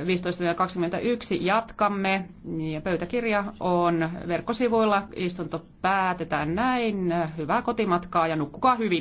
15.21 jatkamme ja pöytäkirja on verkkosivuilla. Istunto päätetään näin. Hyvää kotimatkaa ja nukkukaa hyvin.